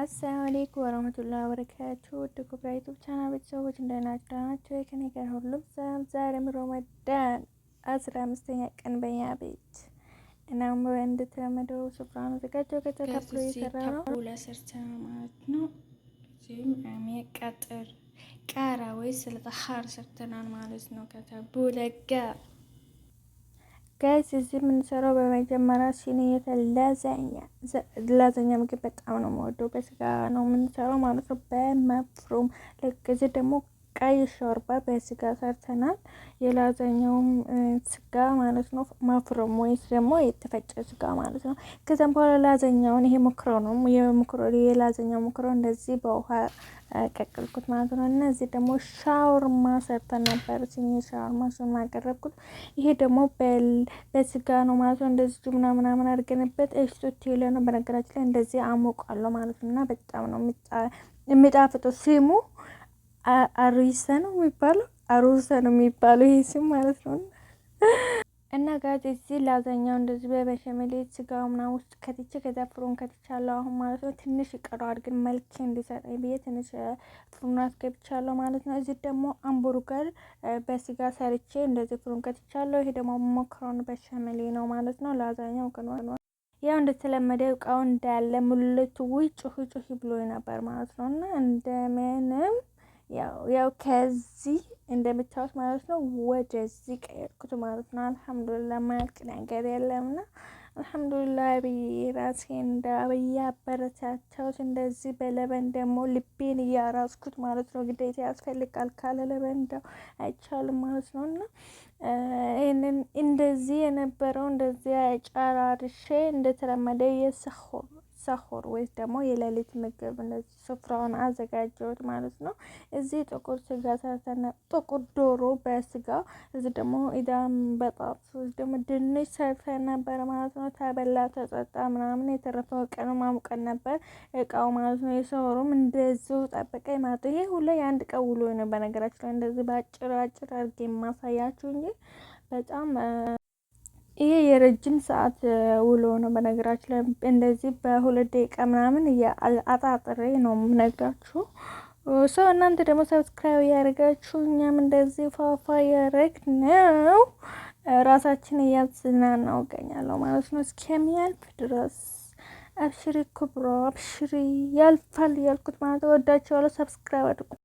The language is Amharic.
አሰላሙ አለይኩም ወረህመቱላሂ ወበረካቱ ድኩብራ ዩቱብ ቻናል ቤተሰቦች እንደናችሁ ከኔ ጋር ሁሉም ሰላም። ዛሬም ረመዳን አስራ አምስተኛ ቀን በኛ ቤት እናም እንደተለመደው ስፍራ መዘጋጀው ከተካፍሎ እየሰራ ነው። ለሰርተ ማለት ነው። እዚህም የሚያቃጥር ቃራ ወይ ስለጠሀር ሰርተናል ማለት ነው። ከታቡ ጋይስ እዚህ የምንሰራው በመጀመሪያ ሲኒ ላዛኛ ምግብ በጣም ነው የምወደው። በስጋ ነው የምንሰራው ማለት ነው በመፍሩም ልክ እዚህ ደግሞ ቀይ ሾርባ በስጋ ሰርተናል። የላዛኛውም ስጋ ማለት ነው፣ ማፍረም ወይስ ደግሞ የተፈጨ ስጋ ማለት ነው። ከዚያም በኋላ ላዛኛውን ይሄ ሙክሮ ነው የሙክሮ የላዘኛው ሙክሮ እንደዚህ በውሃ ቀቅልኩት ማለት ነው። እነዚህ ደግሞ ሻወርማ ሰርተን ነበር። ሲኒ ሻወርማ ስናቀረብኩት ይሄ ደግሞ በስጋ ነው ማለት ነው። እንደዚህ ምናምናምን አድርገንበት እሽቶ የለ ነው። በነገራችን ላይ እንደዚህ አሞቃለሁ ማለት ነው እና በጣም ነው የሚጣፍጡ ሲሙ አሩይሳ ነው የሚባለው አሩሳ ነው የሚባለው ይህ ስም ማለት ነው። እና ጋዝ እዚህ ላዛኛው እንደዚህ በበሸመሌ ስጋ ምና ውስጥ ከትቼ ከዛ ፍሩን ከትቻለሁ አሁን ማለት ነው። ትንሽ ይቀረዋል ግን መልክ እንዲሰጠኝ ብዬ ትንሽ ፍሩን አስገብቻለሁ ማለት ነው። እዚህ ደግሞ አምቡርገር በስጋ ሰርቼ እንደዚህ ፍሩን ከትቻለሁ። ይሄ ደግሞ ሞክሮን በሸመሌ ነው ማለት ነው። ለአብዛኛው ግን ያው እንደተለመደ እቃው እንዳለ ሙልቱ ውጭ ጩህ ጩህ ብሎ ነበር ማለት ነው እና እንደምንም ያው ከዚህ እንደምታዩት ማለት ነው ወደዚህ ቀየርኩት ማለት ነው። አልሐምዱሊላ ማያልቅ ነገር የለምና አልሐምዱሊላ ብዬ ራሴን እያበረታታሁት እንደዚህ በለበን ደግሞ ልቤን እያራስኩት ማለት ነው። ግዴታ ያስፈልጋል ካለ ለበንዳው አይቻልም ማለት ነው እና ይህንን እንደዚህ የነበረው እንደዚህ ጨራርሼ እንደተለመደ የሰሆ ሰሆር ወይ ደግሞ የሌሊት ምግብ እንደዚህ ስፍራውን አዘጋጀሁት ማለት ነው። እዚህ ጥቁር ስጋ ሰርተና ጥቁር ዶሮ በስጋ እዚህ ደግሞ ኢዳም በጣም ደግሞ ድንች ሰርተ ነበር ማለት ነው። ተበላ ተጠጣ ምናምን የተረፈው ቀን ማሙቀን ነበር እቃው ማለት ነው። የሰሆሩም እንደዚሁ ጠበቀኝ ማለት ነው። ይሄ ሁሉ የአንድ ቀን ውሎ ነው። በነገራችን ላይ እንደዚህ በአጭር አጭር አድርጌ የማሳያችሁ እንጂ በጣም ይሄ የረጅም ሰዓት ውሎ ነው። በነገራችን ላይ እንደዚህ በሁለት ደቂቃ ምናምን አጣጥሬ ነው የምነግራችሁ። ሰው እናንተ ደግሞ ሰብስክራይብ ያደርጋችሁ እኛም እንደዚህ ፋፋ ያደረግ ነው ራሳችን እያዝናናው እገኛለሁ ማለት ነው። እስከሚያልፍ ድረስ አብሽሪ ኩብሮ አብሽሪ ያልፋል ያልኩት ማለት ወዳቸዋለሁ። ሰብስክራይብ አድርጉ።